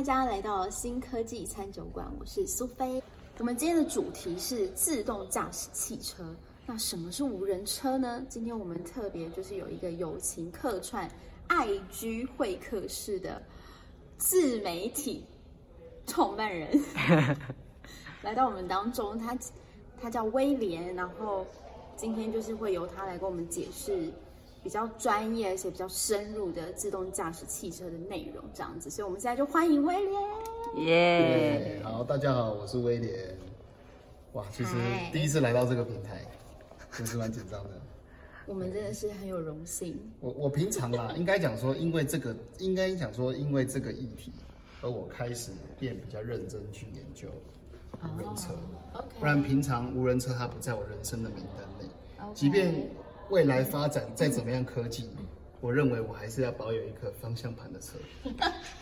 大家來到新科技餐酒館，我是蘇菲。我們今天的主題是自動駕駛汽車。那什麼是無人車呢？今天我們特別就是有一個友情客串，愛駒會客室的自媒體創辦人 來到我們當中，他他叫威廉，然後今天就是會由他來跟我們解釋。比較專業而且比較深入的自動駕駛汽車的內容，這樣子，所以我們現在就歡迎威廉。耶 Yeah，好，大家好，我是威廉。哇，其實第一次來到這個平台，真 Hi 是蠻緊張的。我們真的是很有榮幸。 我我平常啦，應該講說，因為這個，應該講說，因為這個議題，而我開始變比較認真去研究無人車。Oh, okay. 不然平常無人車它不在我人生的名單內 Okay. 即便。未來發展再怎麼樣科技，我認為我還是要保有一個方向盤的車。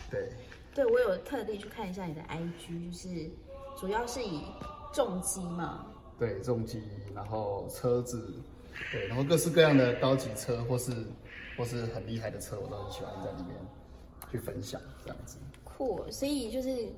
對， 對，我有特地去看一下你的 IG，就是主要是以重機嘛。對，重機，然後車子，對，然後各式各樣的高級車或是或是很厲害的車，我都很喜歡在裡面去分享這樣子。酷，cool. 所以就是。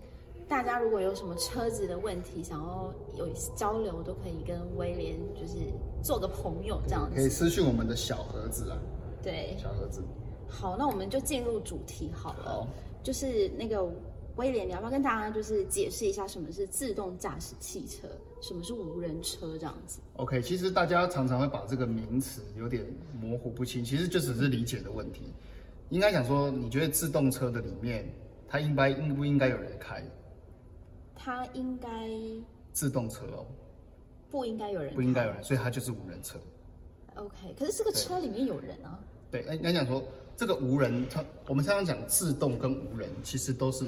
大家如果有什麼車子的問題，想要有交流，都可以跟威廉就是做個朋友這樣子，可以、okay, 私信我們的小盒子啊。對，小盒子。好，那我們就進入主題好了。好。就是那個威廉，你要不要跟大家就是解釋一下什麼是自動駕駛汽車，什麼是無人車這樣子？OK，其實大家常常會把這個名詞有點模糊不清，其實就只是理解的問題。嗯、應該講說，你覺得自動車的裡面，它應該應不應該有人開？它應該自動車哦，不應該有人，不應該有人，所以它就是無人車。OK，可是這個車裡面對有人啊？對，哎、欸，你要講說這個無人車，我們常常講自動跟無人，其實都是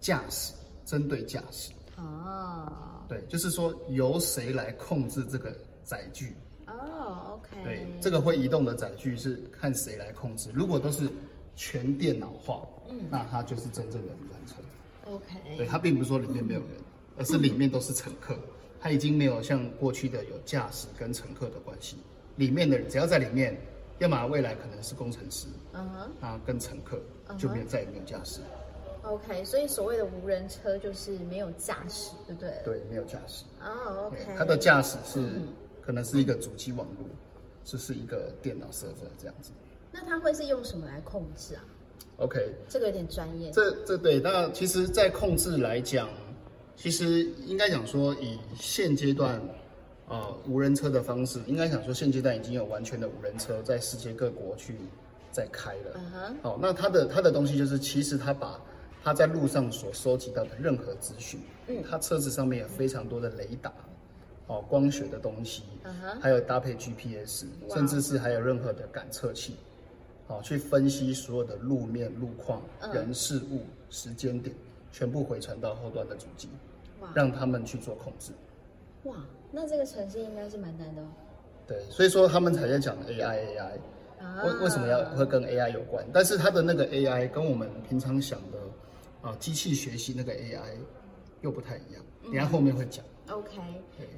駕駛針對駕駛。哦、啊。對，就是說由誰來控制這個載具？哦、啊、，OK。對，這個會移動的載具是看誰來控制。如果都是全電腦化，嗯，那它就是真正的無人車。OK，對，它並不是說裡面沒有人，而是裡面都是乘客，它、嗯、已經沒有像過去的有駕駛跟乘客的關係，裡面的人只要在裡面，要麼未來可能是工程師，嗯啊、uh huh. 跟乘客就沒有再也沒有駕駛。Uh huh. OK，所以所謂的無人車就是沒有駕駛，對不對？對，沒有駕駛。哦、oh，OK，它的駕駛是可能是一個主機網絡，這、嗯、是一個電腦設置這樣子。那它會是用什麼來控制啊？OK，這個有點專業。這、這、對，那其實，在控制來講，其實應該講說，以現階段，啊、呃，無人車的方式，應該講說，現階段已經有完全的無人車在世界各國去在開了。啊哈、uh，好、huh. 哦，那它的、它的東西就是，其實它把它在路上所收集到的任何資訊，嗯，它車子上面有非常多的雷達，哦、呃，光學的東西，uh huh. 還有搭配 GPS，Wow. 甚至是還有任何的感測器。好，去分析所有的路面、路況、嗯、人事物、時間點，全部回傳到後端的主機，哇讓他們去做控制。哇，那這個程序應該是蠻難的哦。對，所以說他們才在講 AI，AI，為為什麼要會跟 AI 有關？但是它的那個 AI 跟我們平常想的啊、機器學習那個 AI 又不太一樣。你看後面會講。OK。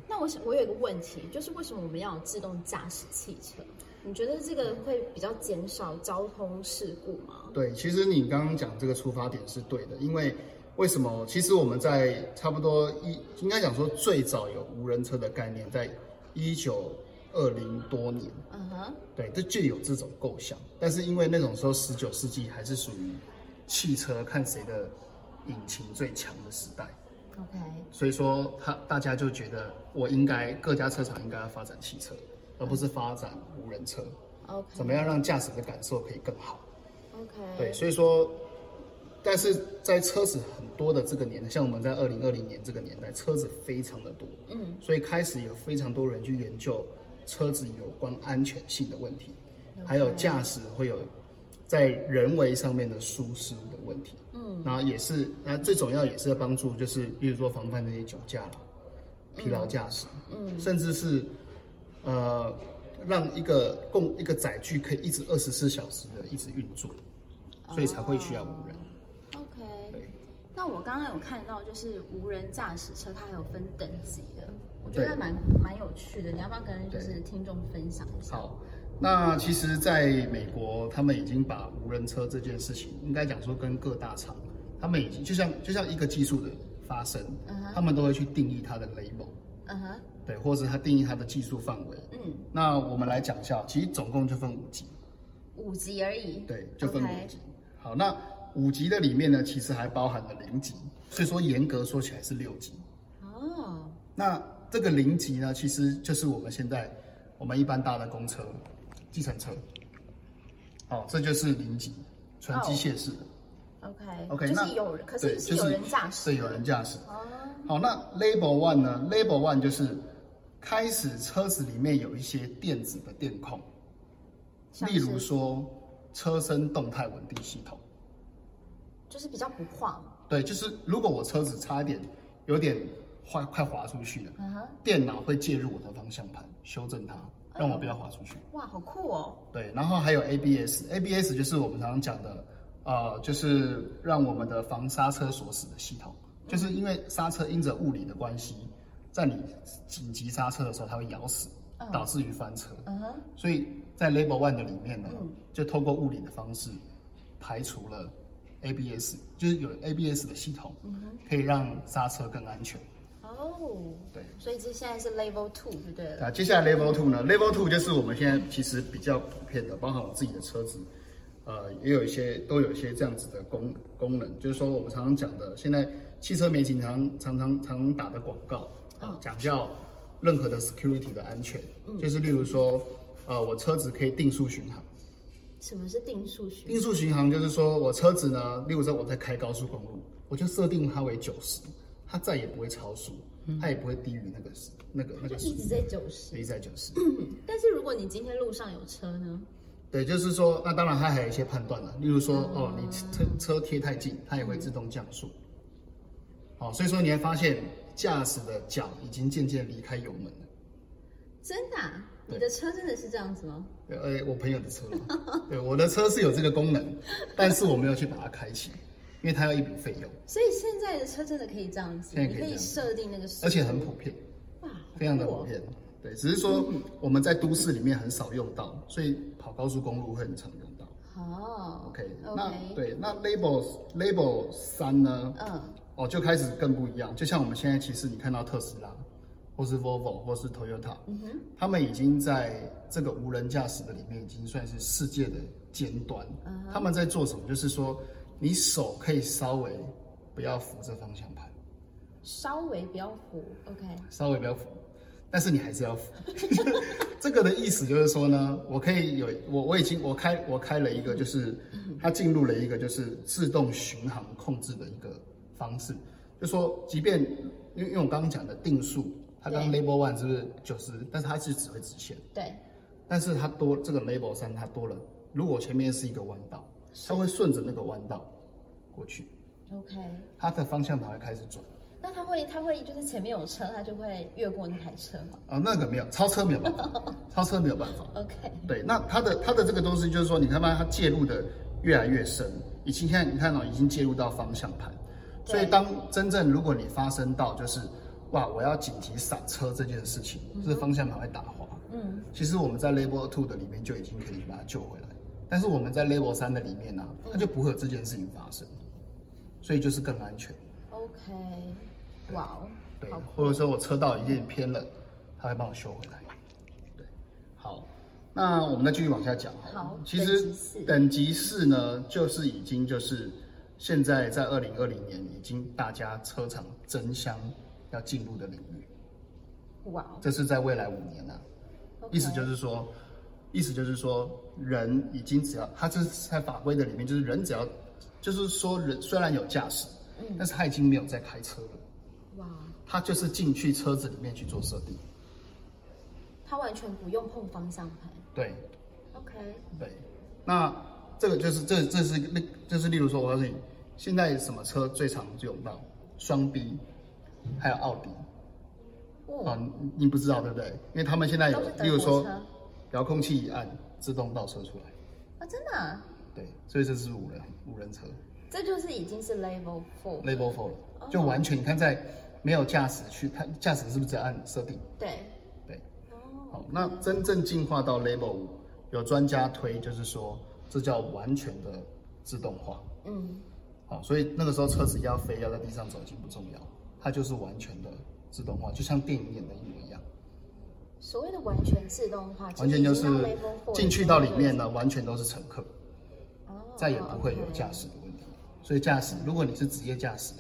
那我想，我有一個問題，就是為什麼我們要有自動駕駛汽車？你覺得這個會比較減少交通事故嗎？對，其實你剛剛講這個出發點是對的，因為為什麼？其實我們在差不多一，應該講說最早有無人車的概念，在一九二零多年，嗯哼、uh，huh. 對，就就有這種構想，但是因為那種時候十九世紀還是屬於汽車看誰的引擎最強的時代，OK，所以說他大家就覺得我應該各家車廠應該要發展汽車。而不是發展無人車，Okay. 怎麼樣讓駕駛的感受可以更好？Okay. 對，所以說，但是在車子很多的這個年代，像我們在二零二零年這個年代，車子非常的多，嗯，所以開始有非常多人去研究車子有關安全性的問題，Okay. 還有駕駛會有在人為上面的舒適的問題，嗯，然後也是，那最重要也是幫助就是，比如說防範那些酒駕了，疲勞駕駛，嗯，甚至是。呃，讓一個共一個載具可以一直二十四小時的一直運作，所以才會需要無人。OK、哦。對那我剛剛有看到，就是無人駕駛車它還有分等級的，我覺得蠻對蠻有趣的，你要不要跟對就是聽眾分享一下？好，那其實在美國，他們已經把無人車這件事情，應該講說跟各大廠，他們已經就像就像一個技術的發生，嗯、哼他們都會去定義它的 level。嗯哼。對，或者他定義他的技術範圍。嗯，那我們來講一下，其實總共就分五級，五級而已。對，就分五級。好，那五級的裡面呢，其實還包含了零級，所以說嚴格說起來是六級。哦。那這個零級呢，其實就是我們現在我們一般搭的公車、計程車。哦，這就是零級，純機械式的。OK。OK，就是有人，可是是有人駕駛。是有人駕駛。哦。好，那 Level One 呢？Level One 就是。開始，車子裡面有一些電子的電控，是例如說車身動態穩定系統，就是比較不晃。對，就是如果我車子差一點，有點快快滑出去了，uh huh、電腦會介入我的方向盤，修正它，讓我不要滑出去。嗯、哇，好酷哦。對，然後還有 ABS，ABS 就是我們常常講的，呃，就是讓我們的防剎車鎖死的系統，就是因為剎車因着物理的關係。但你緊急剎車的時候，它會咬死，oh. 導致於翻車。Uh huh. 所以，在 Level One 的裡面呢，uh huh. 就透過物理的方式排除了 ABS，就是有 ABS 的系統，uh huh. 可以讓剎車更安全。哦、uh，huh. 對，所以這現在是 Level Two 對不對？那接下來 Level Two 呢？Level Two 就是我們現在其實比較普遍的，包括我自己的車子，嗯、呃，也有一些都有一些這樣子的功功能，就是說我們常常講的，現在汽車媒體常,常常常常打的廣告。講叫任何的 security 的安全，嗯、就是例如說，呃，我車子可以定速巡航。什麼是定速巡航？定速巡航就是說我車子呢，例如說我在開高速公路，我就設定它為九十，它再也不會超速，它也不會低於那個那個、嗯、那個。那個、一直在九十。一直在九十、嗯。但是如果你今天路上有車呢？嗯、車呢對，就是說，那當然它還有一些判斷了，例如說，呃、哦，你車車貼太近，它也會自動降速。嗯、好，所以說你會發現。駕駛的腳已經漸漸離開油門了。真的？你的車真的是這樣子嗎？對，呃，我朋友的車。對，我的車是有這個功能，但是我沒有去把它開啟，因為它要一筆費用。所以現在的車真的可以這樣子，可以設定那個時間，而且很普遍，非常的普遍。對，只是說我們在都市裡面很少用到，所以跑高速公路會很常用到。好，OK，那對，那 Label Label 三呢？嗯。哦，就開始更不一樣，就像我們現在其實你看到特斯拉，或是 Volvo 或是 Toyota，嗯哼，他們已經在這個無人駕駛的裡面已經算是世界的尖端。嗯、哼他們在做什麼？就是說，你手可以稍微不要扶着方向盤，稍微不要扶，OK，稍微不要扶，但是你還是要扶。 這個的意思就是說呢，我可以有我我已經我開我開了一個，就是它進入了一個就是自動巡航控制的一個。方式，就是、說，即便，因為用我剛剛講的定速，它剛剛 level one 是不是 90< 對>，但是它是只會直線，對，但是它多這個 level 三它多了，如果前面是一個彎道，是它會順着那個彎道過去，OK，它的方向盤會開始轉，那它會它會就是前面有車，它就會越過那台車嗎？啊，那個沒有，超車沒有辦法， 超車沒有辦法，OK，對，那它的它的這個東西就是說，你看嘛，它介入的越來越深，已經現在你看到、喔、已經介入到方向盤。所以當真正如果你發生到就是，哇，我要緊急剎車這件事情，這方向盤會打滑。嗯，其實我們在 Level Two 的裡面就已經可以把它救回來，但是我們在 Level 三的裡面呢、啊，它就不會有這件事情發生，所以就是更安全。OK，哇，對，對，或者說我車道有點偏了，它會幫我修回來。對，好，那我們再繼續往下講。好，其實等級四呢，就是已經就是。現在在二零二零年，已經大家車廠爭相要進入的領域。哇！這是在未來五年了啊，意思就是說，意思就是說，人已經只要他這是在法規的裡面，就是人只要，就是說人雖然有駕駛，但是他已經沒有在開車了。哇！他就是進去車子裡面去做設定。他完全不用碰方向盤。對。OK。對，對。那。這個就是這個，這是例，就是例如說，我告訴你現在什麼車最常用到？雙 B 還有奧迪。哦、啊，你不知道對不對？因為他們現在，有，例如說，遙控器一按，自動倒車出來。啊、哦，真的、啊？對，所以這是無人無人車。這就是已經是 Level Four。Level Four 就完全、哦、你看，在沒有駕駛去，他駕駛是不是在按設定？對，對。哦。好，那真正進化到 Level 五，有專家推就是說。這叫完全的自動化，嗯，好、哦，所以那個時候車子要飛，要在地上走已經不重要，它就是完全的自動化，就像電影演的一模一樣。所謂的完全自動化，完全就是進去，進去到裡面呢，對完全都是乘客，哦、再也不會有駕駛的問題。哦 okay、所以駕駛，如果你是職業駕駛，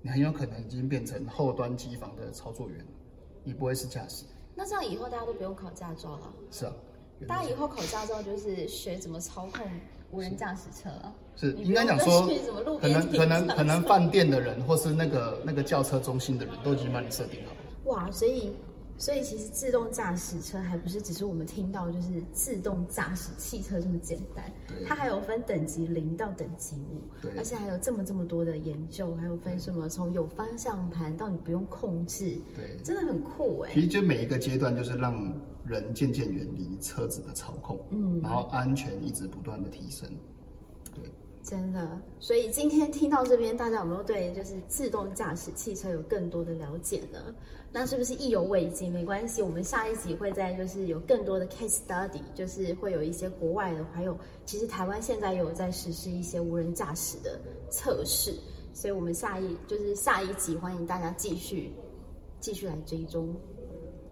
你很有可能已經變成後端機房的操作員，你不會是駕駛。那這樣以後大家都不用考駕照了。是啊。大家以後考駕照就是學怎麼操控無人駕駛車是，是,你車車是應該講說，可能可能可能飯店的人或是那個那個轎車中心的人都已經幫你設定好了。哇，所以所以其實自動駕駛車還不是只是我們聽到就是自動駕駛汽車這麼簡單，對它還有分等級零到等級五對，而且還有這麼這麼多的研究，還有分什麼從有方向盤到你不用控制，對，真的很酷哎、欸。其實就每一個階段就是讓。人漸漸遠離車子的操控，嗯，然後安全一直不斷的提升，對，真的。所以今天聽到這邊，大家有沒有對就是自動駕駛汽車有更多的了解呢？那是不是意猶未盡？沒關係，我們下一集會再就是有更多的 case study，就是會有一些國外的，還有其實台灣現在也有在實施一些無人駕駛的測試，所以我們下一就是下一集歡迎大家繼續繼續來追蹤。